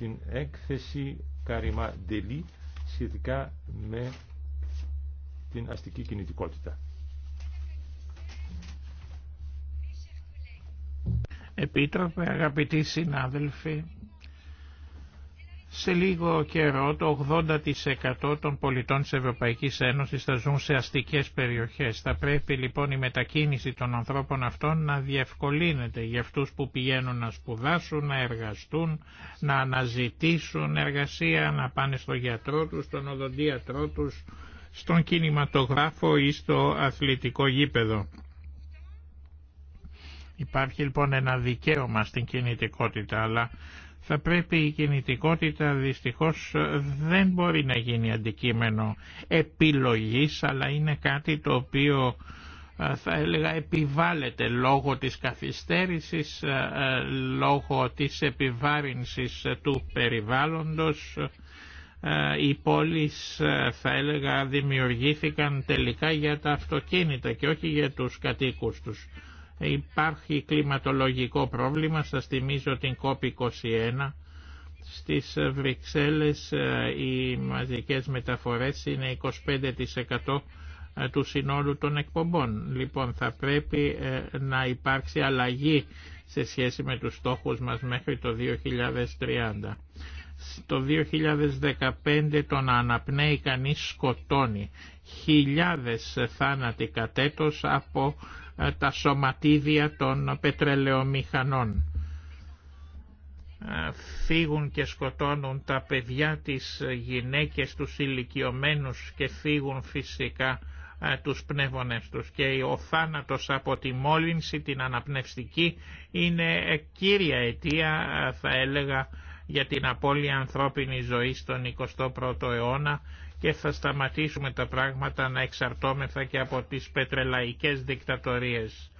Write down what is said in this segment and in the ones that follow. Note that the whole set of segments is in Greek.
την έκθεση Καριμά Ντελή σχετικά με την αστική κινητικότητα. Επίτροπε, αγαπητοί συνάδελφοι, σε λίγο καιρό το 80% των πολιτών της Ευρωπαϊκής Ένωσης θα ζουν σε αστικές περιοχές. Θα πρέπει λοιπόν η μετακίνηση των ανθρώπων αυτών να διευκολύνεται για αυτούς που πηγαίνουν να σπουδάσουν, να εργαστούν, να αναζητήσουν εργασία, να πάνε στο γιατρό τους, στον οδοντίατρό τους, στον κινηματογράφο ή στο αθλητικό γήπεδο. Υπάρχει λοιπόν ένα δικαίωμα στην κινητικότητα, αλλά θα πρέπει η κινητικότητα δυστυχώς δεν μπορεί να γίνει αντικείμενο επιλογής αλλά είναι κάτι το οποίο θα έλεγα επιβάλλεται λόγω της καθυστέρησης, λόγω της επιβάρυνσης του περιβάλλοντος. Οι πόλεις θα έλεγα δημιουργήθηκαν τελικά για τα αυτοκίνητα και όχι για τους κατοίκους τους. Υπάρχει κλιματολογικό πρόβλημα, σας θυμίζω την COP21. Στις Βρυξέλλες ε, οι μαζικές μεταφορές είναι 25% ε, του συνόλου των εκπομπών. Λοιπόν, θα πρέπει ε, να υπάρξει αλλαγή σε σχέση με τους στόχους μας μέχρι το 2030. Το 2015 το να αναπνέει κανείς σκοτώνει. Χιλιάδες θάνατοι κατέτος από ε, τα σωματίδια των πετρελαιομηχανών. Ε, φύγουν και σκοτώνουν τα παιδιά της ε, γυναίκες, τους ηλικιωμένου και φύγουν φυσικά τους πνεύμονες τους και ο θάνατος από τη μόλυνση την αναπνευστική είναι κύρια αιτία θα έλεγα για την απώλεια ανθρώπινης ζωής στον 21ο αιώνα και θα σταματήσουμε τα πράγματα να εξαρτώμεθα και από τις πετρελαϊκές δικτατορίες.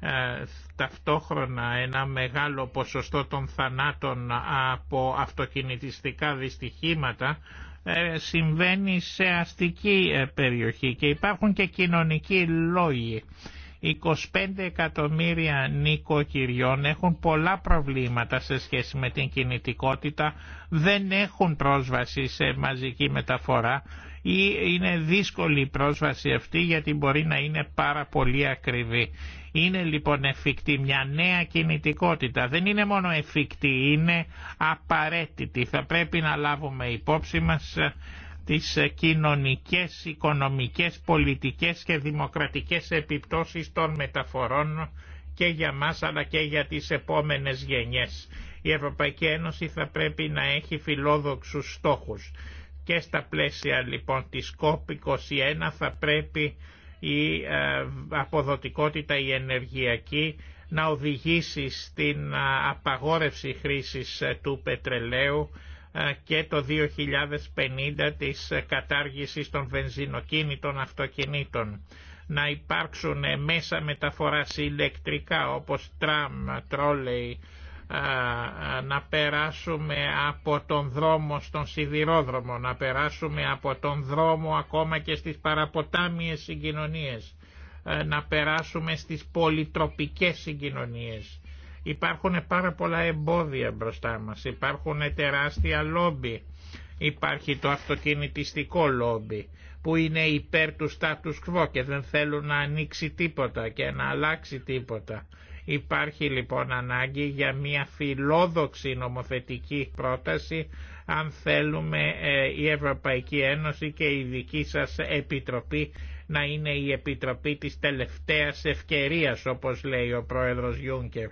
Ε, ταυτόχρονα ένα μεγάλο ποσοστό των θανάτων από αυτοκινητιστικά δυστυχήματα ε, συμβαίνει σε αστική ε, περιοχή και υπάρχουν και κοινωνικοί λόγοι. 25 εκατομμύρια νοικοκυριών έχουν πολλά προβλήματα σε σχέση με την κινητικότητα, δεν έχουν πρόσβαση σε μαζική μεταφορά ή είναι δύσκολη η πρόσβαση αυτή γιατί μπορεί να είναι πάρα πολύ ακριβή. Είναι λοιπόν εφικτή μια νέα κινητικότητα. Δεν είναι μόνο εφικτή, είναι απαραίτητη. Θα πρέπει να λάβουμε υπόψη μας τις ε, κοινωνικές, οικονομικές, πολιτικές και δημοκρατικές επιπτώσεις των μεταφορών και για μας αλλά και για τις επόμενες γενιές. Η Ευρωπαϊκή Ένωση θα πρέπει να έχει φιλόδοξους στόχους και στα πλαίσια λοιπόν της COP21 θα πρέπει η ε, αποδοτικότητα η ενεργειακή να οδηγήσει στην ε, απαγόρευση χρήσης του πετρελαίου ε, και το 2050 της ε, κατάργησης των βενζινοκίνητων αυτοκινήτων. Να υπάρξουν ε, μέσα μεταφοράς ηλεκτρικά όπως τραμ, τρόλεϊ, να περάσουμε από τον δρόμο στον σιδηρόδρομο, να περάσουμε από τον δρόμο ακόμα και στις παραποτάμιες συγκοινωνίες, να περάσουμε στις πολυτροπικές συγκοινωνίες Υπάρχουν πάρα πολλά εμπόδια μπροστά μας, υπάρχουν τεράστια λόμπι. Υπάρχει το αυτοκινητιστικό λόμπι που είναι υπέρ του status quo και δεν θέλουν να ανοίξει τίποτα και να αλλάξει τίποτα. Υπάρχει λοιπόν ανάγκη για μια φιλόδοξη νομοθετική πρόταση αν θέλουμε ε, η Ευρωπαϊκή Ένωση και η δική σας Επιτροπή να είναι η Επιτροπή της τελευταίας ευκαιρίας όπως λέει ο Πρόεδρος Γιούνκερ.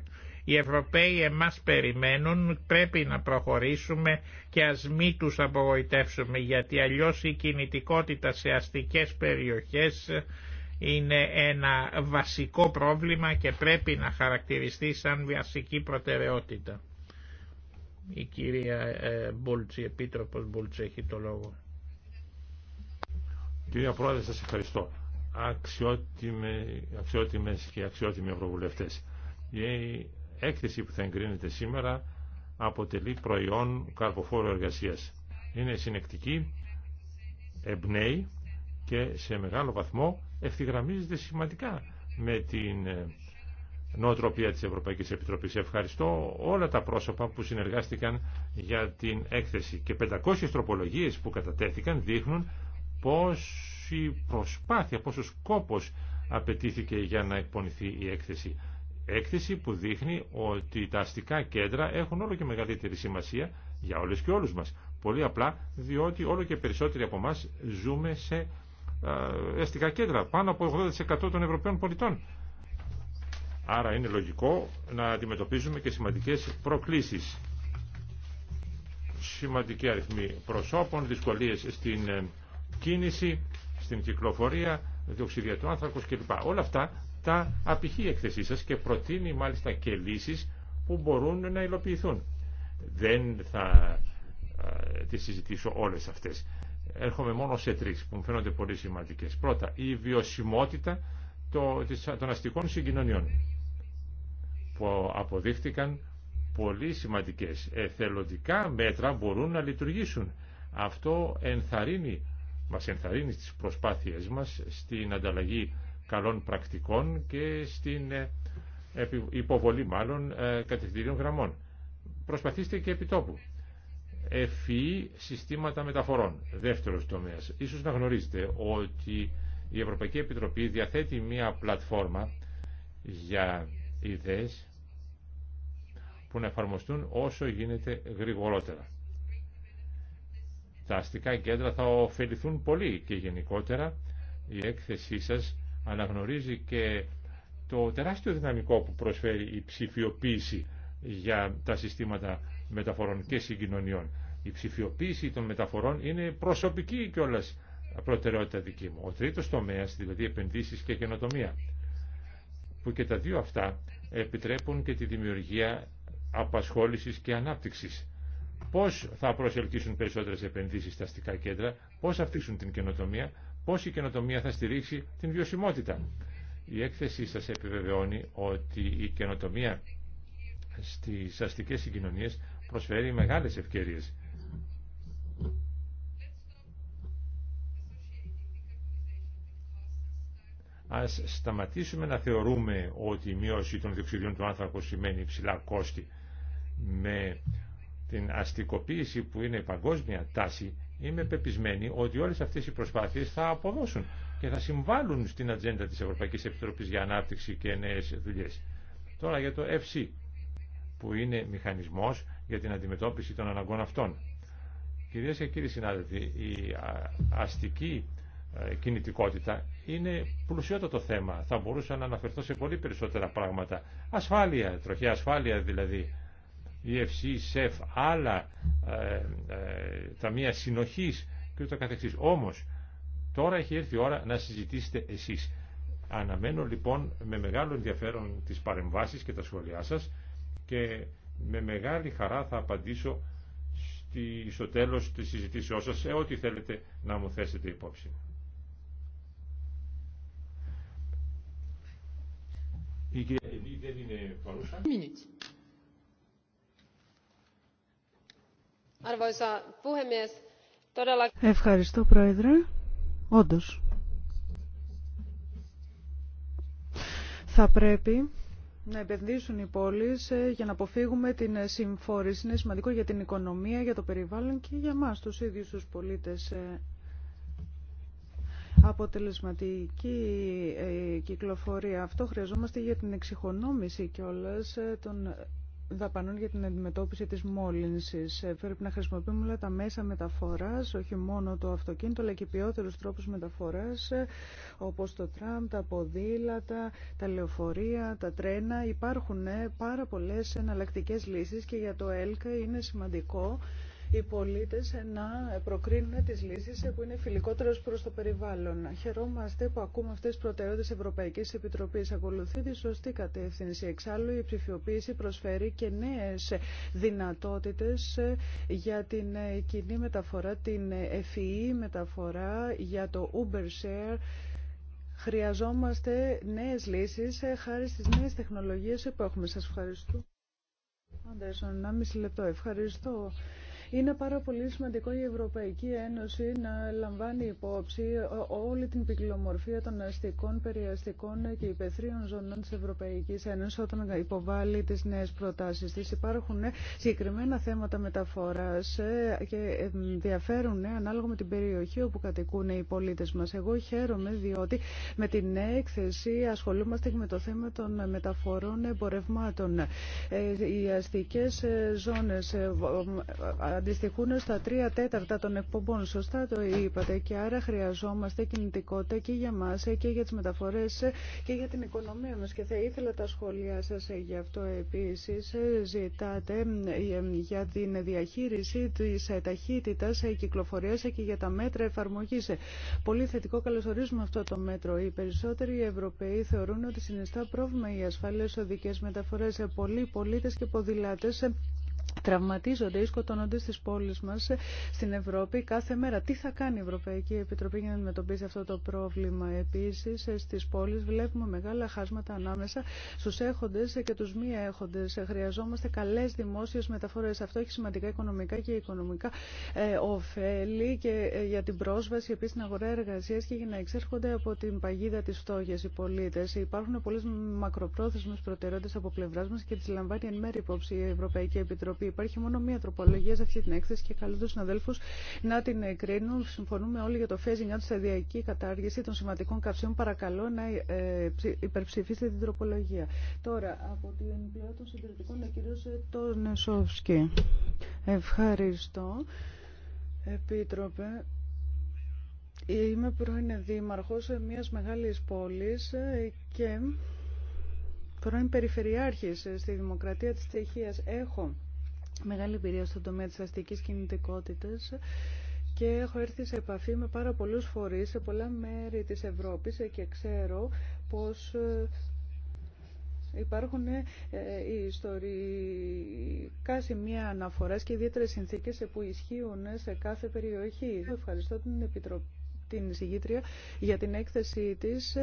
Οι Ευρωπαίοι εμάς περιμένουν, πρέπει να προχωρήσουμε και ας μην τους απογοητεύσουμε γιατί αλλιώς η κινητικότητα σε αστικές περιοχές είναι ένα βασικό πρόβλημα και πρέπει να χαρακτηριστεί σαν βασική προτεραιότητα. Η κυρία ε, Μπούλτση, η Επίτροπος Μπούλτση έχει το λόγο. Κυρία Πρόεδρε, σας ευχαριστώ. Αξιότιμε, αξιότιμες και αξιότιμοι ευρωβουλευτές έκθεση που θα εγκρίνεται σήμερα αποτελεί προϊόν καρποφόρου εργασίας. Είναι συνεκτική, εμπνέει και σε μεγάλο βαθμό ευθυγραμμίζεται σημαντικά με την ε, νοοτροπία της Ευρωπαϊκής Επιτροπής. Ευχαριστώ όλα τα πρόσωπα που συνεργάστηκαν για την έκθεση και 500 τροπολογίες που κατατέθηκαν δείχνουν πόση προσπάθεια, πόσο κόπος απαιτήθηκε για να εκπονηθεί η έκθεση. Έκθεση που δείχνει ότι τα αστικά κέντρα έχουν όλο και μεγαλύτερη σημασία για όλες και όλους μας. Πολύ απλά διότι όλο και περισσότεροι από μας ζούμε σε αστικά κέντρα, πάνω από 80% των Ευρωπαίων πολιτών. Άρα είναι λογικό να αντιμετωπίζουμε και σημαντικές προκλήσεις. Σημαντική αριθμή προσώπων, δυσκολίες στην ε, κίνηση, στην κυκλοφορία, διοξιδία του άνθρακος κλπ. Όλα αυτά τα απηχεί εκθεσή σας και προτείνει μάλιστα και λύσεις που μπορούν να υλοποιηθούν. Δεν θα τις συζητήσω όλες αυτές. Έρχομαι μόνο σε τρεις που μου φαίνονται πολύ σημαντικές. Πρώτα, η βιωσιμότητα των αστικών συγκοινωνιών που αποδείχτηκαν πολύ σημαντικές εθελοντικά μέτρα μπορούν να λειτουργήσουν. Αυτό ενθαρρύνει, μας ενθαρρύνει στις προσπάθειές μας στην ανταλλαγή καλών πρακτικών και στην ε, υποβολή μάλλον ε, κατευθυντήριων γραμμών. Προσπαθήστε και επιτόπου. Εφή συστήματα μεταφορών. Δεύτερος τομέα. Ίσως να γνωρίζετε ότι η Ευρωπαϊκή Επιτροπή διαθέτει μία πλατφόρμα για ιδέες που να εφαρμοστούν όσο γίνεται γρηγορότερα. Τα αστικά κέντρα θα ωφεληθούν πολύ και γενικότερα η έκθεσή σας αναγνωρίζει και το τεράστιο δυναμικό που προσφέρει η ψηφιοποίηση για τα συστήματα μεταφορών και συγκοινωνιών. Η ψηφιοποίηση των μεταφορών είναι προσωπική κιόλα προτεραιότητα δική μου. Ο τρίτος τομέας, δηλαδή επενδύσεις και καινοτομία, που και τα δύο αυτά επιτρέπουν και τη δημιουργία απασχόλησης και ανάπτυξης. Πώς θα προσελκύσουν περισσότερες επενδύσεις στα αστικά κέντρα, πώς θα αυξήσουν την καινοτομία, πώς η καινοτομία θα στηρίξει την βιωσιμότητα. Η έκθεσή σας επιβεβαιώνει ότι η καινοτομία στις αστικές συγκοινωνίες προσφέρει μεγάλες ευκαιρίες. Ας σταματήσουμε να θεωρούμε ότι η μείωση των διοξιδιών του άνθρακου σημαίνει υψηλά κόστη. Με την αστικοποίηση που είναι η παγκόσμια τάση Είμαι πεπισμένη ότι όλες αυτές οι προσπάθειες θα αποδώσουν και θα συμβάλλουν στην ατζέντα της Ευρωπαϊκής Επιτροπής για Ανάπτυξη και Νέες Δουλειές. Τώρα για το FC, που είναι μηχανισμός για την αντιμετώπιση των αναγκών αυτών. Κυρίες και κύριοι συνάδελφοι, η αστική ε, κινητικότητα είναι πλουσιότατο θέμα. Θα μπορούσα να αναφερθώ σε πολύ περισσότερα πράγματα. Ασφάλεια, τροχιά ασφάλεια δηλαδή, η ΣΕΦ, άλλα ε, ε, ταμεία συνοχής και ούτω καθεξής. Όμως, τώρα έχει έρθει η ώρα να συζητήσετε εσείς. Αναμένω λοιπόν με μεγάλο ενδιαφέρον τις παρεμβάσεις και τα σχόλιά σας και με μεγάλη χαρά θα απαντήσω στη, στο τέλος της συζητήσεώς σας σε ό,τι θέλετε να μου θέσετε υπόψη. Η Ευχαριστώ, Πρόεδρε. Όντως, θα πρέπει να επενδύσουν οι πόλεις ε, για να αποφύγουμε την ε, συμφόρηση. Είναι σημαντικό για την οικονομία, για το περιβάλλον και για μας τους ίδιους τους πολίτες. Ε. Αποτελεσματική κυκλοφορία. Αυτό χρειαζόμαστε για την εξοικονόμηση κιόλας των δαπανών για την αντιμετώπιση της μόλυνσης. Ε, πρέπει να χρησιμοποιούμε όλα τα μέσα μεταφοράς, όχι μόνο το αυτοκίνητο, αλλά και ποιότερους τρόπους μεταφοράς, ε, όπως το τραμ, τα ποδήλατα, τα λεωφορεία, τα τρένα. Υπάρχουν ε, πάρα πολλές εναλλακτικές λύσεις και για το ΕΛΚΑ είναι σημαντικό οι πολίτες να προκρίνουν τις λύσεις που είναι φιλικότερε προς το περιβάλλον. Χαιρόμαστε που ακούμε αυτές τις προτεραιότητες Ευρωπαϊκής Επιτροπής. Ακολουθεί τη σωστή κατεύθυνση. Εξάλλου η ψηφιοποίηση προσφέρει και νέες δυνατότητες για την ε, κοινή μεταφορά, την ευφυή e e μεταφορά, για το Uber Share, Χρειαζόμαστε νέες λύσεις ε, χάρη στι νέε τεχνολογίες που έχουμε. Σας ευχαριστώ. Άντερσον, μισή λεπτό. Ευχαριστώ. Είναι πάρα πολύ σημαντικό η Ευρωπαϊκή Ένωση να λαμβάνει υπόψη όλη την ποικιλομορφία των αστικών, περιαστικών και υπεθρίων ζωνών της Ευρωπαϊκής Ένωσης όταν υποβάλλει τις νέες προτάσεις της. Υπάρχουν συγκεκριμένα θέματα μεταφοράς ε, και διαφέρουν ε, ανάλογα με την περιοχή όπου κατοικούν οι πολίτες μας. Εγώ χαίρομαι διότι με την έκθεση ασχολούμαστε με το θέμα των μεταφορών εμπορευμάτων. Ε, οι αστικές ζώνες αντιστοιχούν στα τρία τέταρτα των εκπομπών. Σωστά το είπατε και άρα χρειαζόμαστε κινητικότητα και για μα και για τι μεταφορέ και για την οικονομία μα. και θα ήθελα τα σχόλιά σα γι' αυτό επίση. ζητάτε ε, για την διαχείριση της η κυκλοφορία και για τα μέτρα εφαρμογή. Πολύ θετικό καλωσορίζουμε αυτό το μέτρο. Οι περισσότεροι Ευρωπαίοι θεωρούν ότι συνιστά πρόβλημα οι ασφαλές οδικές μεταφορές. Πολλοί πολίτε και ποδηλάτε Τραυματίζονται ή σκοτώνονται στι πόλει μα στην Ευρώπη κάθε μέρα. Τι θα κάνει η Ευρωπαϊκή Επιτροπή για να αντιμετωπίσει αυτό το πρόβλημα. Επίση, στι πόλει βλέπουμε μεγάλα χάσματα ανάμεσα στου έχοντε και του μη έχοντε. Χρειαζόμαστε καλέ δημόσιε μεταφορέ. Αυτό έχει σημαντικά οικονομικά και οικονομικά ε, ωφέλη και ε, για την πρόσβαση επίση στην αγορά εργασία και για να εξέρχονται από την παγίδα τη φτώχεια οι πολίτε. Υπάρχουν πολλέ μακροπρόθεσμε προτεραιότητε από πλευρά μα και τι λαμβάνει εν μέρη υπόψη η Ευρωπαϊκή Επιτροπή. Υπάρχει μόνο μία τροπολογία σε αυτή την έκθεση και καλούν του συναδέλφου να την εγκρίνουν. Συμφωνούμε όλοι για το phasing out, σταδιακή κατάργηση των σημαντικών καυσίων. Παρακαλώ να ε, υπερψηφίσετε την τροπολογία. Τώρα, από την πλευρά των συντηρητικών, ο κύριο Τονεσόφσκι. Ευχαριστώ. Επίτροπε, είμαι πρώην δήμαρχος μιας μεγάλης πόλης και πρώην περιφερειάρχης στη Δημοκρατία της Τσεχίας. Έχω μεγάλη εμπειρία στον τομέα της αστικής κινητικότητας και έχω έρθει σε επαφή με πάρα πολλούς φορείς σε πολλά μέρη της Ευρώπης και ξέρω πως ε, υπάρχουν ε, ε, ιστορικά σημεία αναφοράς και ιδιαίτερες συνθήκες που ισχύουν σε κάθε περιοχή. Ευχαριστώ την Επιτροπή την εισηγήτρια για την έκθεσή της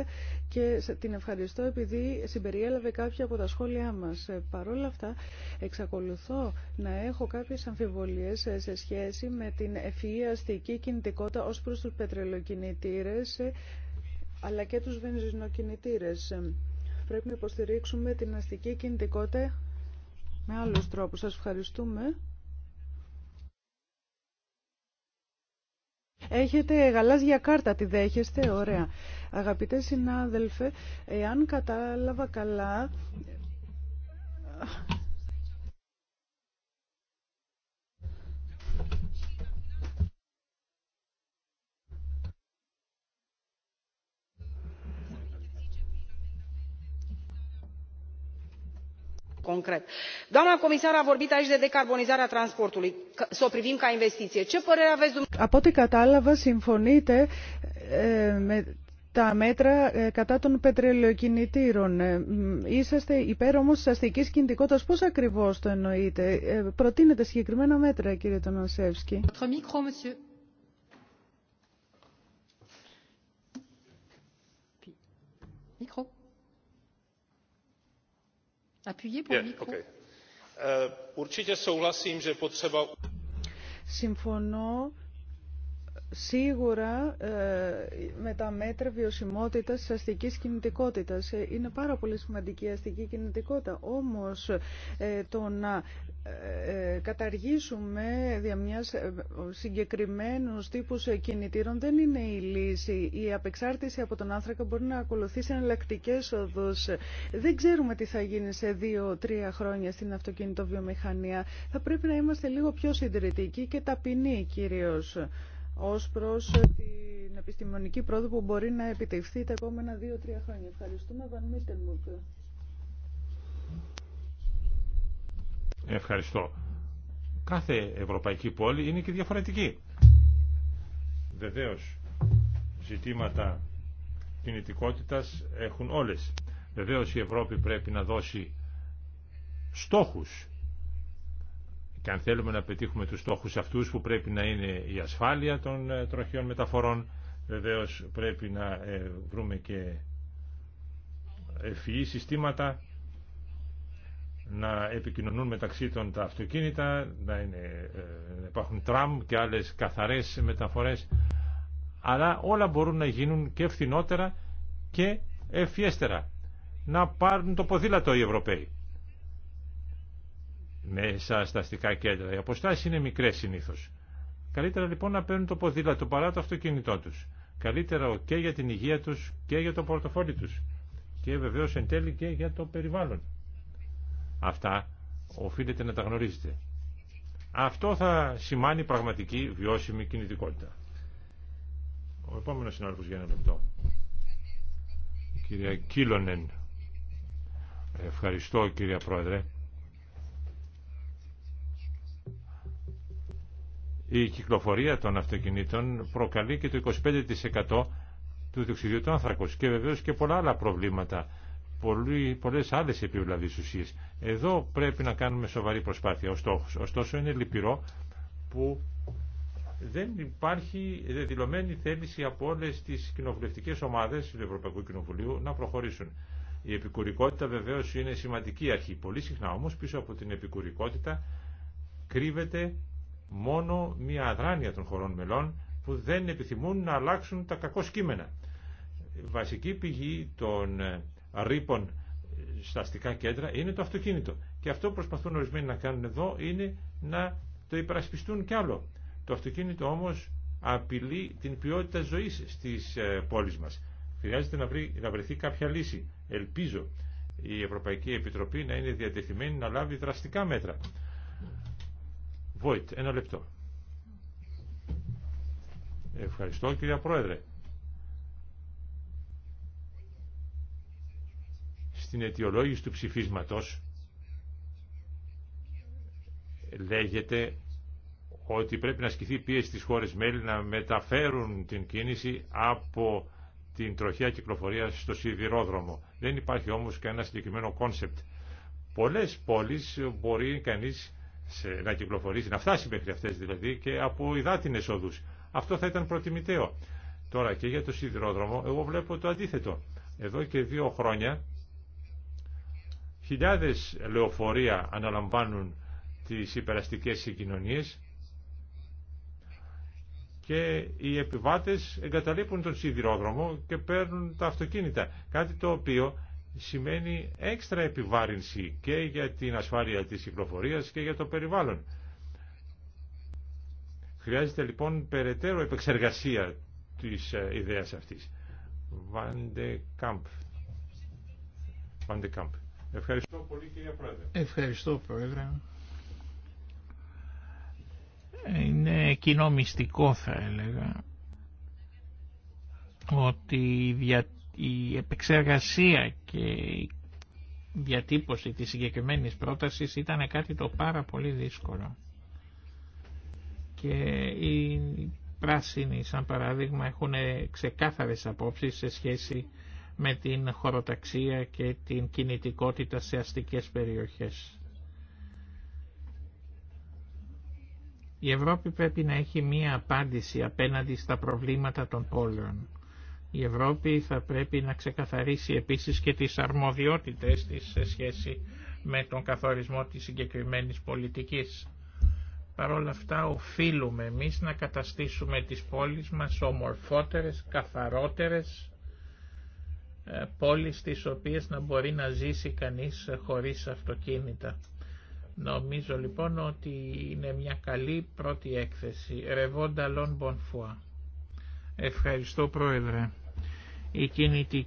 και την ευχαριστώ επειδή συμπεριέλαβε κάποια από τα σχόλιά μας. Ε, παρ' όλα αυτά, εξακολουθώ να έχω κάποιες αμφιβολίες ε, σε σχέση με την ευφυή αστική κινητικότητα ως προς τους πετρελοκινητήρες ε, αλλά και τους βενζινοκινητήρες. Πρέπει να υποστηρίξουμε την αστική κινητικότητα με άλλους τρόπους. Σας ευχαριστούμε. Έχετε γαλάζια κάρτα, τη δέχεστε, ωραία. Αγαπητέ συνάδελφε, εάν κατάλαβα καλά, από ό,τι κατάλαβα συμφωνείτε με τα μέτρα κατά των πετρελαιοκινητήρων. Είσαστε υπέρ όμως της αστικής κινητικότητας. Πώς ακριβώς το εννοείτε. Προτείνετε συγκεκριμένα μέτρα, κύριε Τονασεύσκη. Μικρό, určitě souhlasím že je potřeba. Σίγουρα ε, με τα μέτρα βιωσιμότητας της αστικής κινητικότητας. Ε, είναι πάρα πολύ σημαντική η αστική κινητικότητα. Όμως ε, το να καταργήσουμε δια μιας συγκεκριμένους τύπους κινητήρων δεν είναι η λύση. Η απεξάρτηση από τον άνθρακα μπορεί να ακολουθήσει εναλλακτικέ οδούς. Δεν ξέρουμε τι θα γίνει σε δύο-τρία χρόνια στην αυτοκινητοβιομηχανία. Θα πρέπει να είμαστε λίγο πιο συντηρητικοί και ταπεινοί κυρίως ως προς την επιστημονική πρόοδο που μπορεί να επιτευχθεί τα επόμενα δύο-τρία χρόνια. Ευχαριστούμε. Βαν Ευχαριστώ. Κάθε ευρωπαϊκή πόλη είναι και διαφορετική. Βεβαίως, ζητήματα κινητικότητας έχουν όλες. Βεβαίως η Ευρώπη πρέπει να δώσει στόχους και αν θέλουμε να πετύχουμε τους στόχους αυτούς που πρέπει να είναι η ασφάλεια των ε, τροχιών μεταφορών, βεβαίως πρέπει να ε, βρούμε και ευφυή συστήματα να επικοινωνούν μεταξύ των τα αυτοκίνητα, να, είναι, ε, υπάρχουν τραμ και άλλες καθαρές μεταφορές, αλλά όλα μπορούν να γίνουν και φθηνότερα και ευφιέστερα. Να πάρουν το ποδήλατο οι Ευρωπαίοι μέσα στα αστικά κέντρα. Οι αποστάσεις είναι μικρέ συνήθως. Καλύτερα λοιπόν να παίρνουν το ποδήλατο παρά το αυτοκίνητό τους. Καλύτερα και για την υγεία τους και για το πορτοφόλι τους. Και βεβαίως εν τέλει και για το περιβάλλον. Αυτά οφείλετε να τα γνωρίζετε. Αυτό θα σημάνει πραγματική βιώσιμη κινητικότητα. Ο επόμενος συνάδελφος για ένα λεπτό. Κυρία Κίλονεν. Ευχαριστώ κύριε Πρόεδρε. Η κυκλοφορία των αυτοκινήτων προκαλεί και το 25% του διοξιδίου του άνθρακος και βεβαίως και πολλά άλλα προβλήματα, πολλές άλλες επιβλαβείς ουσίες. Εδώ πρέπει να κάνουμε σοβαρή προσπάθεια. Ωστόσο, ωστόσο είναι λυπηρό που δεν υπάρχει δηλωμένη θέληση από όλες τις κοινοβουλευτικές ομάδες του Ευρωπαϊκού Κοινοβουλίου να προχωρήσουν. Η επικουρικότητα βεβαίως είναι σημαντική αρχή. Πολύ συχνά όμως πίσω από την επικουρικότητα κρύβεται μόνο μια αδράνεια των χωρών μελών που δεν επιθυμούν να αλλάξουν τα κακό σκήμενα. Βασική πηγή των ε, ρήπων ε, στα αστικά κέντρα είναι το αυτοκίνητο. Και αυτό που προσπαθούν ορισμένοι να κάνουν εδώ είναι να το υπερασπιστούν κι άλλο. Το αυτοκίνητο όμως απειλεί την ποιότητα ζωής στις ε, πόλεις μας. Χρειάζεται να, βρει, να βρεθεί κάποια λύση. Ελπίζω η Ευρωπαϊκή Επιτροπή να είναι διατεθειμένη να λάβει δραστικά μέτρα. Βόιτ, ένα λεπτό. Ευχαριστώ κυρία Πρόεδρε. Στην αιτιολόγηση του ψηφίσματος λέγεται ότι πρέπει να ασκηθεί πίεση στις χώρες μέλη να μεταφέρουν την κίνηση από την τροχιά κυκλοφορία στο σιδηρόδρομο. Δεν υπάρχει όμως κανένα συγκεκριμένο κόνσεπτ. Πολλές πόλεις μπορεί κανείς σε, να κυκλοφορήσει, να φτάσει μέχρι αυτές δηλαδή και από υδάτινες οδούς. Αυτό θα ήταν προτιμητέο. Τώρα και για το σιδηρόδρομο εγώ βλέπω το αντίθετο. Εδώ και δύο χρόνια χιλιάδες λεωφορεία αναλαμβάνουν τις υπεραστικές συγκοινωνίες και οι επιβάτες εγκαταλείπουν τον σιδηρόδρομο και παίρνουν τα αυτοκίνητα. Κάτι το οποίο σημαίνει έξτρα επιβάρυνση και για την ασφάλεια της κυκλοφορίας και για το περιβάλλον. Χρειάζεται λοιπόν περαιτέρω επεξεργασία της ε, ιδέας αυτής. Βάντε Κάμπ. Βάντε Κάμπ. Ευχαριστώ πολύ κύριε Πρόεδρε. Ευχαριστώ Πρόεδρε. Είναι κοινό μυστικό θα έλεγα ότι η διατήρηση η επεξεργασία και η διατύπωση της συγκεκριμένης πρότασης ήταν κάτι το πάρα πολύ δύσκολο. Και οι πράσινοι, σαν παράδειγμα, έχουν ξεκάθαρες απόψεις σε σχέση με την χωροταξία και την κινητικότητα σε αστικές περιοχές. Η Ευρώπη πρέπει να έχει μία απάντηση απέναντι στα προβλήματα των πόλεων. Η Ευρώπη θα πρέπει να ξεκαθαρίσει επίσης και τις αρμοδιότητες της σε σχέση με τον καθορισμό της συγκεκριμένης πολιτικής. Παρ' όλα αυτά οφείλουμε εμείς να καταστήσουμε τις πόλεις μας ομορφότερες, καθαρότερες ε, πόλεις τις οποίες να μπορεί να ζήσει κανείς χωρίς αυτοκίνητα. Νομίζω λοιπόν ότι είναι μια καλή πρώτη έκθεση. Ρεβόντα Λον Ευχαριστώ Πρόεδρε. Η,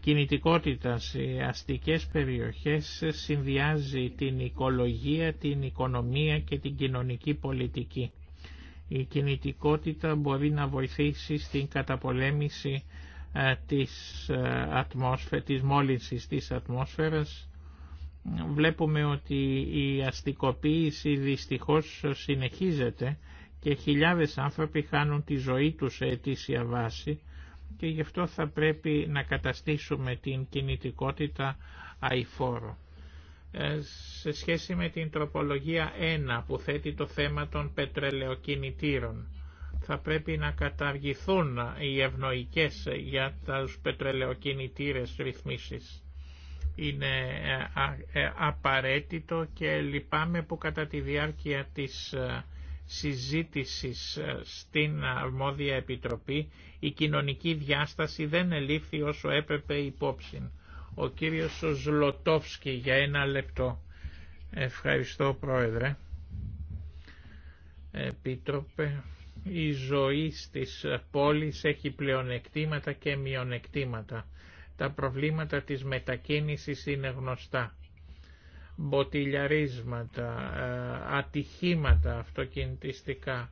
κινητικότητα σε αστικές περιοχές συνδυάζει την οικολογία, την οικονομία και την κοινωνική πολιτική. Η κινητικότητα μπορεί να βοηθήσει στην καταπολέμηση ε, της, ε, ατμόσφαι, της μόλυνσης της ατμόσφαιρας. Βλέπουμε ότι η αστικοποίηση δυστυχώς συνεχίζεται και χιλιάδες άνθρωποι χάνουν τη ζωή τους σε αιτήσια βάση και γι' αυτό θα πρέπει να καταστήσουμε την κινητικότητα αηφόρο. Ε, σε σχέση με την τροπολογία 1 που θέτει το θέμα των πετρελαιοκινητήρων, θα πρέπει να καταργηθούν οι ευνοϊκές για τους πετρελαιοκινητήρες ρυθμίσεις. Είναι ε, ε, απαραίτητο και λυπάμαι που κατά τη διάρκεια της συζήτησης ε, στην αρμόδια επιτροπή η κοινωνική διάσταση δεν ελήφθη όσο έπρεπε υπόψη. Ο κύριος Ζλοτόφσκι για ένα λεπτό. Ευχαριστώ πρόεδρε. Επίτροπε, η ζωή στις πόλεις έχει πλεονεκτήματα και μειονεκτήματα. Τα προβλήματα της μετακίνησης είναι γνωστά μποτιλιαρίσματα, ε, ατυχήματα αυτοκινητιστικά,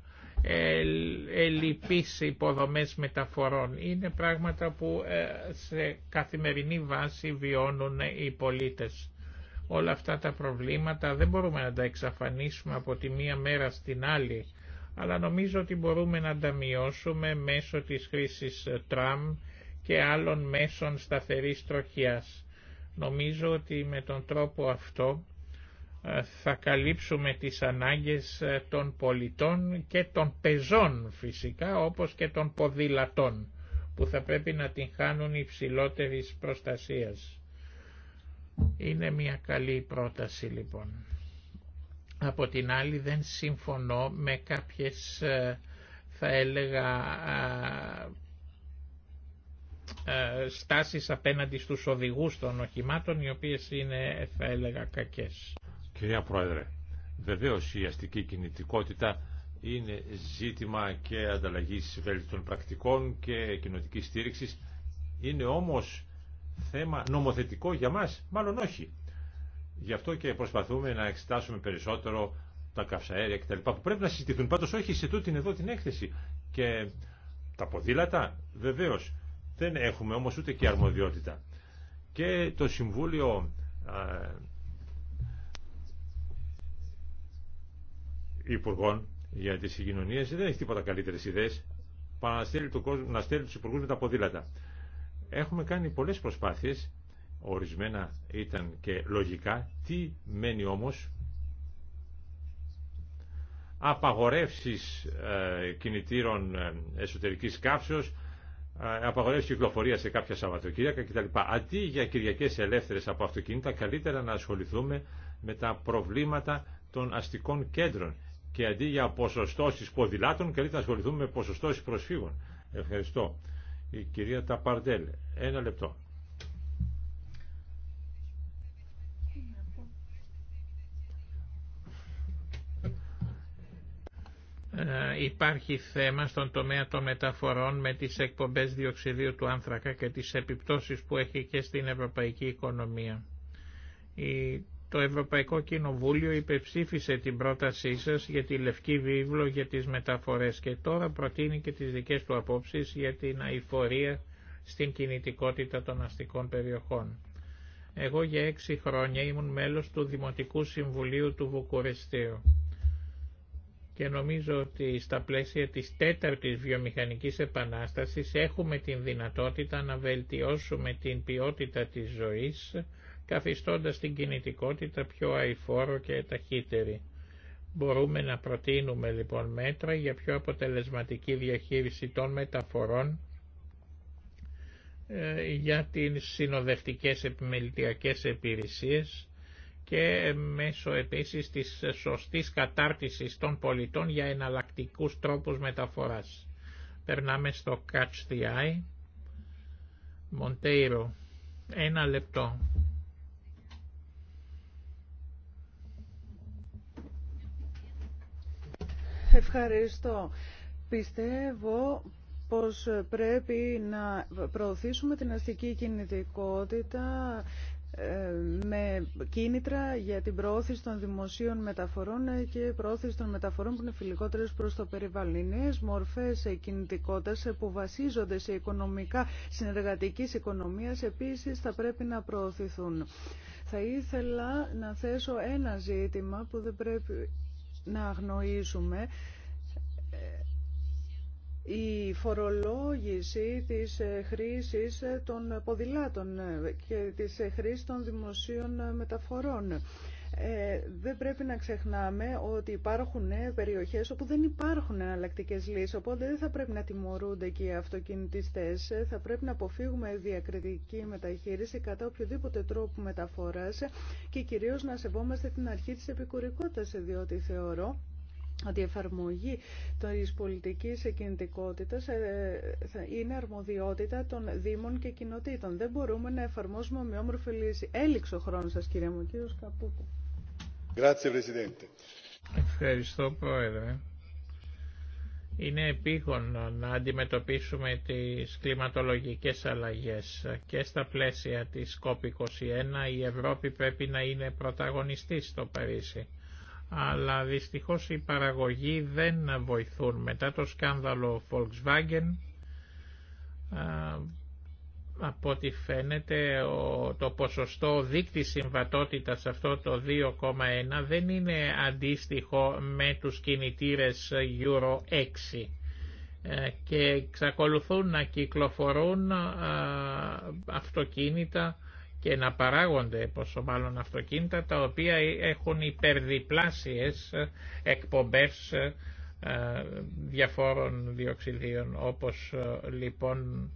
ελλειπείς υποδομές μεταφορών. Είναι πράγματα που ε, σε καθημερινή βάση βιώνουν οι πολίτες. Όλα αυτά τα προβλήματα δεν μπορούμε να τα εξαφανίσουμε από τη μία μέρα στην άλλη, αλλά νομίζω ότι μπορούμε να τα μειώσουμε μέσω της χρήσης τραμ και άλλων μέσων σταθερής τροχιάς. Νομίζω ότι με τον τρόπο αυτό ε, θα καλύψουμε τις ανάγκες ε, των πολιτών και των πεζών φυσικά όπως και των ποδηλατών που θα πρέπει να την χάνουν υψηλότερης προστασίας. Είναι μια καλή πρόταση λοιπόν. Από την άλλη δεν συμφωνώ με κάποιες ε, θα έλεγα ε, στάσεις απέναντι στους οδηγούς των οχημάτων οι οποίες είναι θα έλεγα κακές. Κυρία Πρόεδρε, βεβαίως η αστική κινητικότητα είναι ζήτημα και ανταλλαγής βέλτιστων πρακτικών και κοινωτική στήριξη, Είναι όμως θέμα νομοθετικό για μα, μάλλον όχι. Γι' αυτό και προσπαθούμε να εξετάσουμε περισσότερο τα καυσαέρια κτλ. που πρέπει να συζητηθούν. Πάντω όχι σε τούτην εδώ την έκθεση. Και τα ποδήλατα, βεβαίω. Δεν έχουμε όμως ούτε και αρμοδιότητα. Και το Συμβούλιο Υπουργών για τις συγκοινωνίες δεν έχει τίποτα καλύτερες ιδέες παρά να στέλνει, το κόσμο, να τους υπουργούς με τα ποδήλατα. Έχουμε κάνει πολλές προσπάθειες, ορισμένα ήταν και λογικά, τι μένει όμως απαγορεύσεις ε, κινητήρων ε, εσωτερικής καύσεως, απαγορεύσει κυκλοφορία σε κάποια Σαββατοκύριακα κτλ. Αντί για Κυριακές ελεύθερες από αυτοκίνητα, καλύτερα να ασχοληθούμε με τα προβλήματα των αστικών κέντρων και αντί για ποσοστώσεις ποδηλάτων, καλύτερα να ασχοληθούμε με ποσοστώσεις προσφύγων. Ευχαριστώ. Η κυρία Ταπαρντέλ, ένα λεπτό. Ε, υπάρχει θέμα στον τομέα των μεταφορών με τις εκπομπές διοξιδίου του άνθρακα και τις επιπτώσεις που έχει και στην ευρωπαϊκή οικονομία. Το Ευρωπαϊκό Κοινοβούλιο υπεψήφισε την πρότασή σας για τη Λευκή Βίβλο για τις μεταφορές και τώρα προτείνει και τις δικές του απόψεις για την αηφορία στην κινητικότητα των αστικών περιοχών. Εγώ για έξι χρόνια ήμουν μέλος του Δημοτικού Συμβουλίου του Βουκουρεστίου και νομίζω ότι στα πλαίσια της τέταρτης βιομηχανικής επανάστασης έχουμε την δυνατότητα να βελτιώσουμε την ποιότητα της ζωής καθιστώντας την κινητικότητα πιο αηφόρο και ταχύτερη. Μπορούμε να προτείνουμε λοιπόν μέτρα για πιο αποτελεσματική διαχείριση των μεταφορών ε, για τις συνοδευτικές επιμελητιακές υπηρεσίες και μέσω επίσης της σωστής κατάρτισης των πολιτών για εναλλακτικούς τρόπους μεταφοράς. Περνάμε στο Catch the Eye. Μοντέιρο, ένα λεπτό. Ευχαριστώ. Πιστεύω πως πρέπει να προωθήσουμε την αστική κινητικότητα ε, με κίνητρα για την προώθηση των δημοσίων μεταφορών και προώθηση των μεταφορών που είναι φιλικότερες προς το περιβάλλον. Οι νέες μορφές κινητικότητας που βασίζονται σε οικονομικά συνεργατικής οικονομίας επίσης θα πρέπει να προωθηθούν. Θα ήθελα να θέσω ένα ζήτημα που δεν πρέπει να αγνοήσουμε η φορολόγηση της ε, χρήσης ε, των ποδηλάτων ε, και της χρήσης των δημοσίων μεταφορών. Ε, δεν πρέπει να ξεχνάμε ότι υπάρχουν περιοχές όπου δεν υπάρχουν εναλλακτικέ λύσεις, οπότε δεν θα πρέπει να τιμωρούνται και οι αυτοκινητιστές. Θα πρέπει να αποφύγουμε διακριτική μεταχείριση κατά οποιοδήποτε τρόπο μεταφοράς και κυρίως να σεβόμαστε την αρχή της επικουρικότητας, διότι θεωρώ ότι η εφαρμογή της πολιτικής κινητικότητας ε, είναι αρμοδιότητα των Δήμων και κοινοτήτων. Δεν μπορούμε να εφαρμόσουμε ομοιόμορφη λύση. Έληξε ο χρόνος σας, κύριε μου, κύριος Καπούτο. Ευχαριστώ, Πρόεδρε. Είναι επίγον να αντιμετωπίσουμε τις κλιματολογικές αλλαγές και στα πλαίσια της COP21 η Ευρώπη πρέπει να είναι πρωταγωνιστή στο Παρίσι αλλά δυστυχώς οι παραγωγοί δεν βοηθούν. Μετά το σκάνδαλο Volkswagen, από ό,τι φαίνεται το ποσοστό δείκτη συμβατότητας αυτό το 2,1 δεν είναι αντίστοιχο με τους κινητήρες Euro 6 ε, και εξακολουθούν να κυκλοφορούν αυτοκίνητα και να παράγονται πόσο μάλλον αυτοκίνητα τα οποία έχουν υπερδιπλάσιες ε, εκπομπές ε, ε, διαφόρων διοξιδίων όπως λοιπόν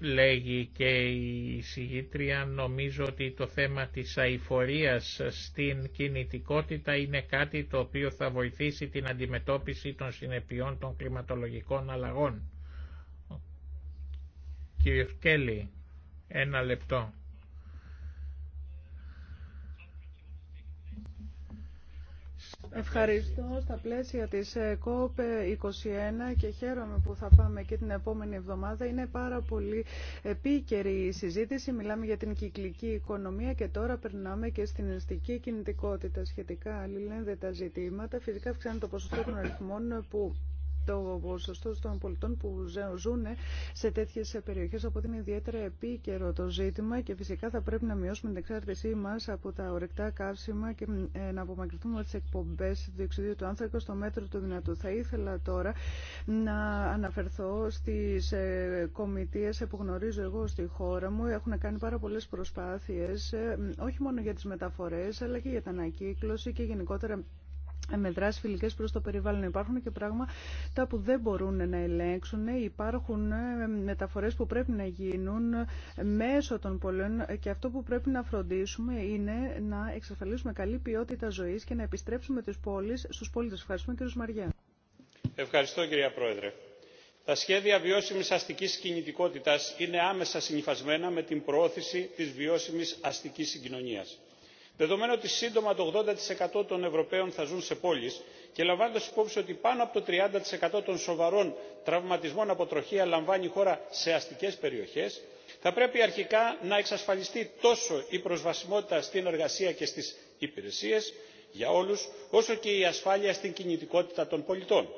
λέγει και η συγγήτρια νομίζω ότι το θέμα της αηφορίας στην κινητικότητα είναι κάτι το οποίο θα βοηθήσει την αντιμετώπιση των συνεπειών των κλιματολογικών αλλαγών. Κύριος Κέλλη. Ένα λεπτό. Ευχαριστώ. Στα πλαίσια της COP21 ε, και χαίρομαι που θα πάμε και την επόμενη εβδομάδα. Είναι πάρα πολύ επίκαιρη η συζήτηση. Μιλάμε για την κυκλική οικονομία και τώρα περνάμε και στην αισθητική κινητικότητα σχετικά αλληλένδετα ζητήματα. Φυσικά αυξάνεται το ποσοστό των αριθμών που το ποσοστό των πολιτών που ζουν σε τέτοιε περιοχέ οπότε είναι ιδιαίτερα επίκαιρο το ζήτημα και φυσικά θα πρέπει να μειώσουμε την εξάρτησή μα από τα ορεκτά καύσιμα και ε, να απομακρυνθούμε από τις εκπομπές διοξιδίου του άνθρακα στο μέτρο του δυνατού. Θα ήθελα τώρα να αναφερθώ στις ε, κομίτείε που γνωρίζω εγώ στη χώρα μου. Έχουν κάνει πάρα πολλές προσπάθειες, ε, όχι μόνο για τι μεταφορέ, αλλά και για την ανακύκλωση και γενικότερα με δράσει φιλικέ προ το περιβάλλον. Υπάρχουν και πράγματα που δεν μπορούν να ελέγξουν. Υπάρχουν ε, μεταφορέ που πρέπει να γίνουν μέσω των πολλών και αυτό που πρέπει να φροντίσουμε είναι να εξασφαλίσουμε καλή ποιότητα ζωή και να επιστρέψουμε τι πόλει στου πόλει. Ευχαριστούμε κύριε Μαριά. Ευχαριστώ κυρία Πρόεδρε. Τα σχέδια βιώσιμη αστική κινητικότητα είναι άμεσα συνυφασμένα με την προώθηση τη βιώσιμη αστική συγκοινωνία δεδομένου ότι σύντομα το 80% των ευρωπαίων θα ζουν σε πόλεις και λαμβάνοντας υπόψη ότι πάνω από το 30% των σοβαρών τραυματισμών από τροχαία λαμβάνει χώρα σε αστικές περιοχές θα πρέπει αρχικά να εξασφαλιστεί τόσο η προσβασιμότητα στην εργασία και στις υπηρεσίες για όλους όσο και η ασφάλεια στην κινητικότητα των πολιτών.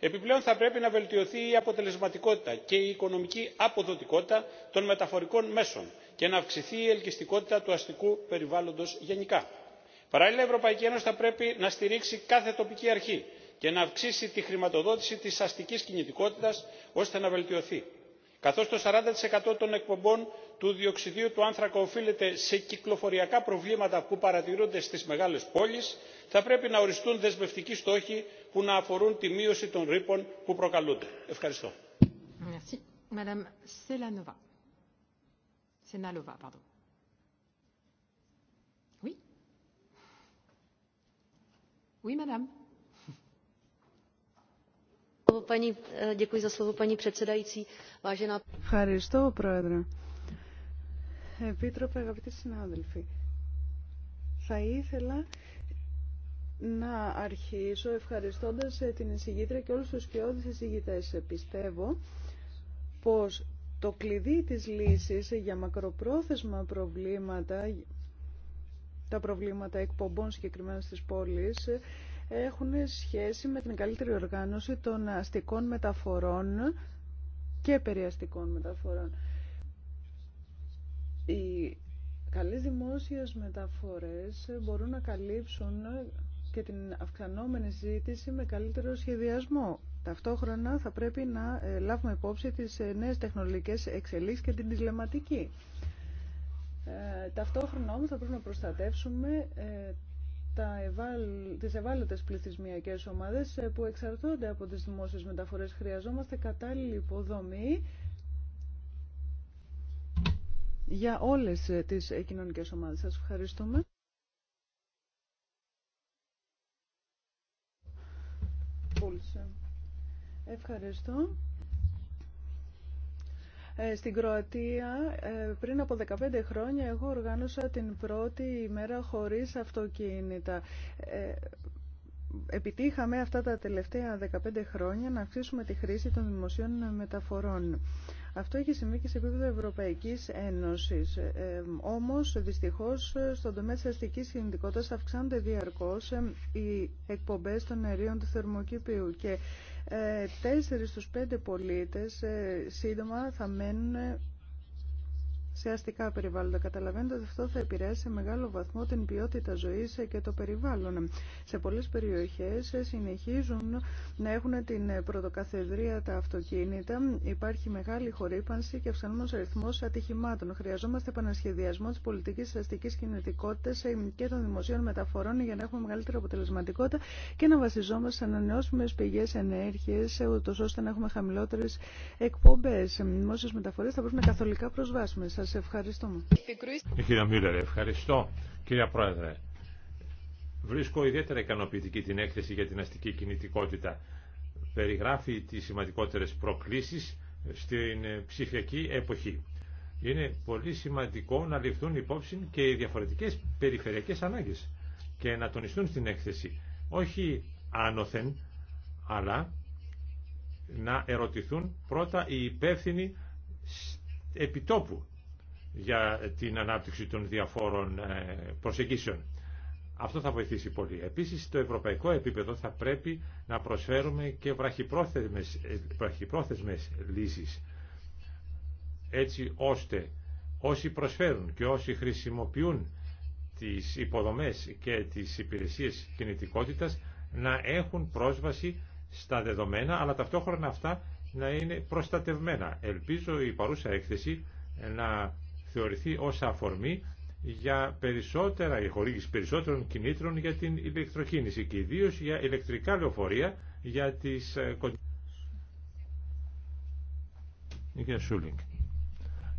επιπλέον θα πρέπει να βελτιωθεί η αποτελεσματικότητα και η οικονομική αποδοτικότητα των μεταφορικών μέσων και να αυξηθεί η ελκυστικότητα του αστικού περιβάλλοντος γενικά. Παράλληλα, η Ευρωπαϊκή Ένωση θα πρέπει να στηρίξει κάθε τοπική αρχή και να αυξήσει τη χρηματοδότηση της αστικής κινητικότητας ώστε να βελτιωθεί. Καθώς το 40% των εκπομπών του διοξιδίου του άνθρακα οφείλεται σε κυκλοφοριακά προβλήματα που παρατηρούνται στις μεγάλες πόλεις, θα πρέπει να οριστούν δεσμευτικοί στόχοι που να αφορούν τη μείωση των ρήπων που προκαλούνται. Ευχαριστώ. Ευχαριστώ, Πρόεδρε. Επίτροπε, αγαπητοί συνάδελφοι, θα ήθελα να αρχίσω ευχαριστώντας ε, την εισηγήτρια και όλους τους κοιόδους εισηγητές. Ε, πιστεύω πως το κλειδί της λύσης για μακροπρόθεσμα προβλήματα, τα προβλήματα εκπομπών συγκεκριμένα στις πόλεις, έχουν σχέση με την καλύτερη οργάνωση των αστικών μεταφορών και περιαστικών μεταφορών. Οι καλές δημόσιες μεταφορές μπορούν να καλύψουν και την αυξανόμενη ζήτηση με καλύτερο σχεδιασμό. Ταυτόχρονα θα πρέπει να ε, λάβουμε υπόψη τις ε, νέες τεχνολογικές εξελίξεις και την τηλεματική. Ε, ταυτόχρονα όμως θα πρέπει να προστατεύσουμε τα ευάλ... τις ευάλωτες πληθυσμιακές ομάδες που εξαρτώνται από τις δημόσιες μεταφορές. Χρειαζόμαστε κατάλληλη υποδομή για όλες τις κοινωνικές ομάδες. Σας ευχαριστούμε. Ευχαριστώ. Ε, στην Κροατία ε, πριν από 15 χρόνια εγώ οργάνωσα την πρώτη ημέρα χωρίς αυτοκίνητα. Ε, επιτύχαμε αυτά τα τελευταία 15 χρόνια να αυξήσουμε τη χρήση των δημοσίων μεταφορών. Αυτό έχει συμβεί και σε επίπεδο Ευρωπαϊκή Ένωσης. Ε, όμως, δυστυχώς, στον τομέα τη αστική κινητικότητα αυξάνονται διαρκώ ε, οι εκπομπέ των αερίων του θερμοκηπίου και ε, τέσσερις στους πέντε πολίτες ε, σύντομα θα μένουν ε, σε αστικά περιβάλλοντα. Καταλαβαίνετε ότι αυτό θα επηρεάσει σε μεγάλο βαθμό την ποιότητα ζωή και το περιβάλλον. Σε πολλέ περιοχέ συνεχίζουν να έχουν την πρωτοκαθεδρία τα αυτοκίνητα. Υπάρχει μεγάλη χορύπανση και αυξανόμενο αριθμό ατυχημάτων. Χρειαζόμαστε επανασχεδιασμό τη πολιτική αστική κινητικότητα και των δημοσίων μεταφορών για να έχουμε μεγαλύτερη αποτελεσματικότητα και να βασιζόμαστε σε ανανεώσιμε πηγέ ενέργεια, ούτω ώστε να έχουμε χαμηλότερε εκπομπέ. Οι μεταφορέ θα πρέπει να καθολικά προσβάσουμε. Σας ευχαριστούμε. Ε, ευχαριστώ. Κύριε Πρόεδρε, βρίσκω ιδιαίτερα ικανοποιητική την έκθεση για την αστική κινητικότητα. Περιγράφει τις σημαντικότερες προκλήσεις στην ψηφιακή εποχή. Είναι πολύ σημαντικό να ληφθούν υπόψη και οι διαφορετικές περιφερειακές ανάγκες και να τονιστούν στην έκθεση. Όχι άνωθεν, αλλά να ερωτηθούν πρώτα οι υπεύθυνοι επιτόπου για την ανάπτυξη των διαφόρων ε, προσεγγίσεων. Αυτό θα βοηθήσει πολύ. Επίσης, στο ευρωπαϊκό επίπεδο θα πρέπει να προσφέρουμε και βραχυπρόθεσμες, ε, βραχυπρόθεσμες λύσεις, έτσι ώστε όσοι προσφέρουν και όσοι χρησιμοποιούν τις υποδομές και τις υπηρεσίες κινητικότητας να έχουν πρόσβαση στα δεδομένα, αλλά ταυτόχρονα αυτά να είναι προστατευμένα. Ελπίζω η παρούσα έκθεση να θεωρηθεί ως αφορμή για περισσότερα, η χορήγηση περισσότερων κινήτρων για την ηλεκτροκίνηση και ιδίω για ηλεκτρικά λεωφορεία για τις ε, Σούλινγκ.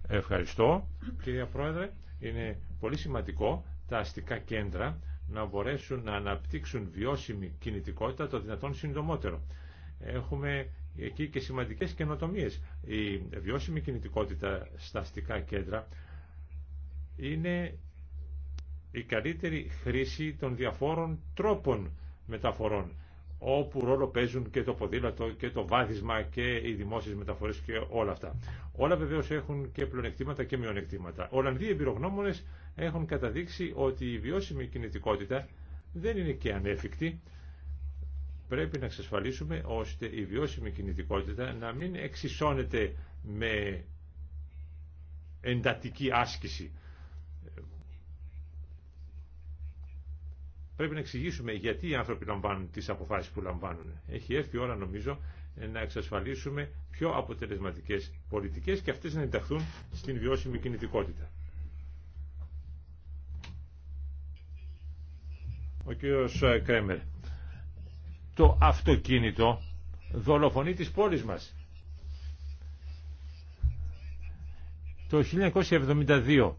Ευχαριστώ, κυρία Πρόεδρε. Είναι πολύ σημαντικό τα αστικά κέντρα να μπορέσουν να αναπτύξουν βιώσιμη κινητικότητα το δυνατόν συντομότερο. Έχουμε εκεί και σημαντικές καινοτομίες. Η βιώσιμη κινητικότητα στα αστικά κέντρα είναι η καλύτερη χρήση των διαφόρων τρόπων μεταφορών όπου ρόλο παίζουν και το ποδήλατο και το βάδισμα και οι δημόσιες μεταφορές και όλα αυτά. Όλα βεβαίως έχουν και πλονεκτήματα και μειονεκτήματα. Ολλανδοί εμπειρογνώμονες έχουν καταδείξει ότι η βιώσιμη κινητικότητα δεν είναι και ανέφικτη πρέπει να εξασφαλίσουμε ώστε η βιώσιμη κινητικότητα να μην εξισώνεται με εντατική άσκηση. Πρέπει να εξηγήσουμε γιατί οι άνθρωποι λαμβάνουν τις αποφάσεις που λαμβάνουν. Έχει έρθει η ώρα νομίζω να εξασφαλίσουμε πιο αποτελεσματικές πολιτικές και αυτές να ενταχθούν στην βιώσιμη κινητικότητα. Ο κύριος ε, Κρέμερ το αυτοκίνητο δολοφονεί τις πόλεις μας. Το 1972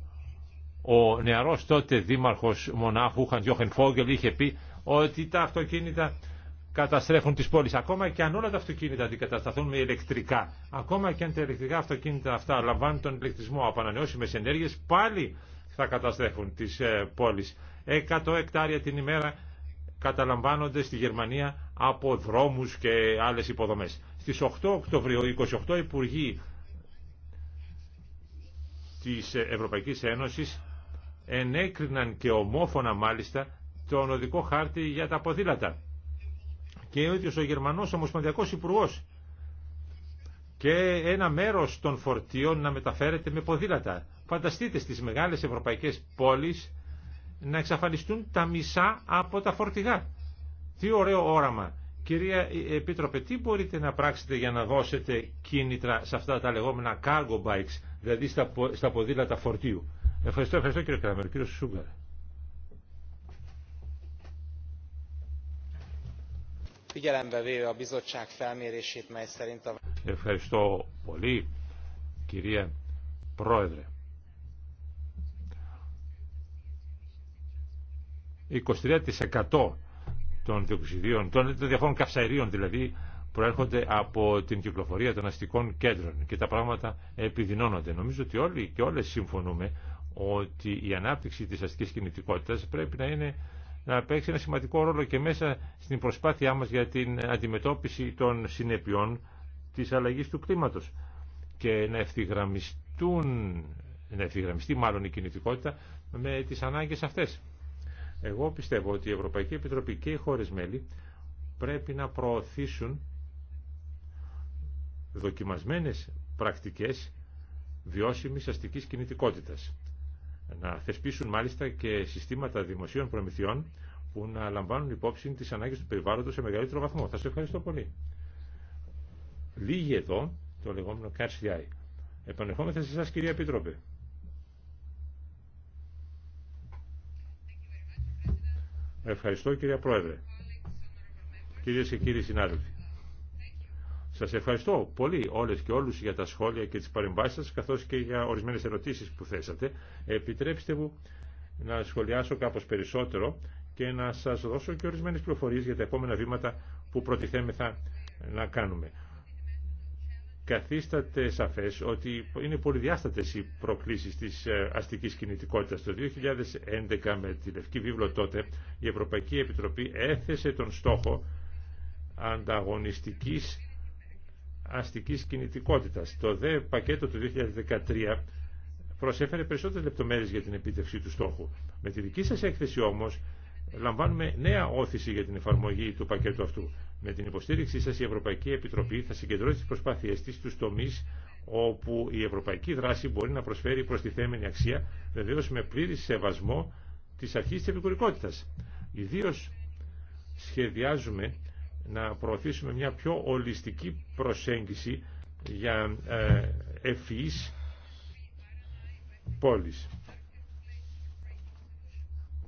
ο νεαρός τότε δήμαρχος μονάχου Χαντιόχεν φόγκελ είχε πει ότι τα αυτοκίνητα καταστρέφουν τις πόλεις. Ακόμα και αν όλα τα αυτοκίνητα αντικατασταθούν με ηλεκτρικά, ακόμα και αν τα ηλεκτρικά αυτοκίνητα αυτά λαμβάνουν τον ηλεκτρισμό από ανανεώσιμες ενέργειες, πάλι θα καταστρέφουν τις ε, πόλεις. 100 εκτάρια την ημέρα καταλαμβάνονται στη Γερμανία από δρόμους και άλλες υποδομές. Στις 8 Οκτωβρίου, 28 Υπουργοί της Ευρωπαϊκής Ένωσης ενέκριναν και ομόφωνα μάλιστα τον οδικό χάρτη για τα ποδήλατα. Και ο ίδιος ο Γερμανός Ομοσπονδιακός Υπουργός και ένα μέρος των φορτίων να μεταφέρεται με ποδήλατα. Φανταστείτε στις μεγάλες ευρωπαϊκές πόλεις να εξαφανιστούν τα μισά από τα φορτηγά. Τι ωραίο όραμα. Κυρία ε, Επίτροπε, τι μπορείτε να πράξετε για να δώσετε κίνητρα σε αυτά τα λεγόμενα cargo bikes, δηλαδή στα, ποδήλατα φορτίου. Ευχαριστώ, ευχαριστώ κύριε Κράμερ. Κύριο Σούγκαρ. Ευχαριστώ πολύ, κυρία Πρόεδρε. 23% των διοξιδίων, των διαφόρων καυσαερίων δηλαδή, προέρχονται από την κυκλοφορία των αστικών κέντρων και τα πράγματα επιδεινώνονται. Νομίζω ότι όλοι και όλες συμφωνούμε ότι η ανάπτυξη της αστικής κινητικότητας πρέπει να, είναι, να παίξει ένα σημαντικό ρόλο και μέσα στην προσπάθειά μας για την αντιμετώπιση των συνεπειών της αλλαγής του κλίματος και να ευθυγραμμιστούν να ευθυγραμμιστεί μάλλον η κινητικότητα με τις ανάγκες αυτές. Εγώ πιστεύω ότι η Ευρωπαϊκή Επιτροπή και οι χώρες μέλη πρέπει να προωθήσουν δοκιμασμένες πρακτικές βιώσιμης αστικής κινητικότητας. Να θεσπίσουν μάλιστα και συστήματα δημοσίων προμηθειών που να λαμβάνουν υπόψη τις ανάγκες του περιβάλλοντος σε μεγαλύτερο βαθμό. Θα σε ευχαριστώ πολύ. Λίγη εδώ το λεγόμενο Catch Επανερχόμεθα σε εσάς κυρία Επίτροπε. Ευχαριστώ κυρία Πρόεδρε. Κυρίες και κύριοι συνάδελφοι. Σας ευχαριστώ πολύ όλες και όλους για τα σχόλια και τις παρεμβάσεις σας, καθώς και για ορισμένες ερωτήσεις που θέσατε. Επιτρέψτε μου να σχολιάσω κάπως περισσότερο και να σας δώσω και ορισμένες πληροφορίες για τα επόμενα βήματα που προτιθέμεθα να κάνουμε καθίσταται σαφές ότι είναι πολυδιάστατες οι προκλήσεις της ε, αστικής κινητικότητας. Το 2011 με τη Λευκή Βίβλο τότε η Ευρωπαϊκή Επιτροπή έθεσε τον στόχο ανταγωνιστικής αστικής κινητικότητας. Το δε πακέτο του 2013 προσέφερε περισσότερες λεπτομέρειες για την επίτευξη του στόχου. Με τη δική σας έκθεση όμως λαμβάνουμε νέα όθηση για την εφαρμογή του πακέτου αυτού. Με την υποστήριξή σας η Ευρωπαϊκή Επιτροπή θα συγκεντρώσει τις προσπάθειές της στους τομείς όπου η ευρωπαϊκή δράση μπορεί να προσφέρει προστιθέμενη αξία, βεβαίως με πλήρη σεβασμό της αρχής της επικουρικότητας. Ιδίως σχεδιάζουμε να προωθήσουμε μια πιο ολιστική προσέγγιση για ε, ευφυείς πόλεις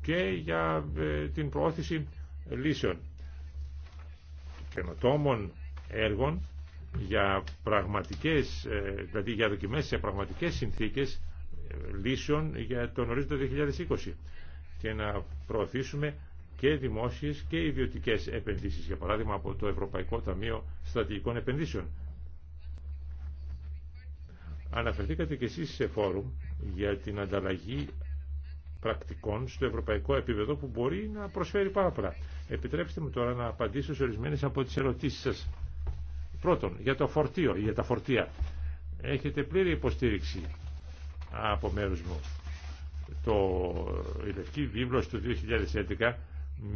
και για ε, την προώθηση λύσεων καινοτόμων έργων για πραγματικές, ε, δηλαδή για δοκιμές σε πραγματικές συνθήκες ε, λύσεων για τον ορίζοντα 2020 και να προωθήσουμε και δημόσιες και ιδιωτικές επενδύσεις, για παράδειγμα από το Ευρωπαϊκό Ταμείο Στρατηγικών Επενδύσεων. Αναφερθήκατε και εσείς σε φόρουμ για την ανταλλαγή πρακτικών στο ευρωπαϊκό επίπεδο που μπορεί να προσφέρει πάρα πολλά. Επιτρέψτε μου τώρα να απαντήσω σε ορισμένες από τις ερωτήσεις σας. Πρώτον, για το φορτίο, για τα φορτία. Έχετε πλήρη υποστήριξη από μέρους μου. Το, η Λευκή Βίβλος του 2011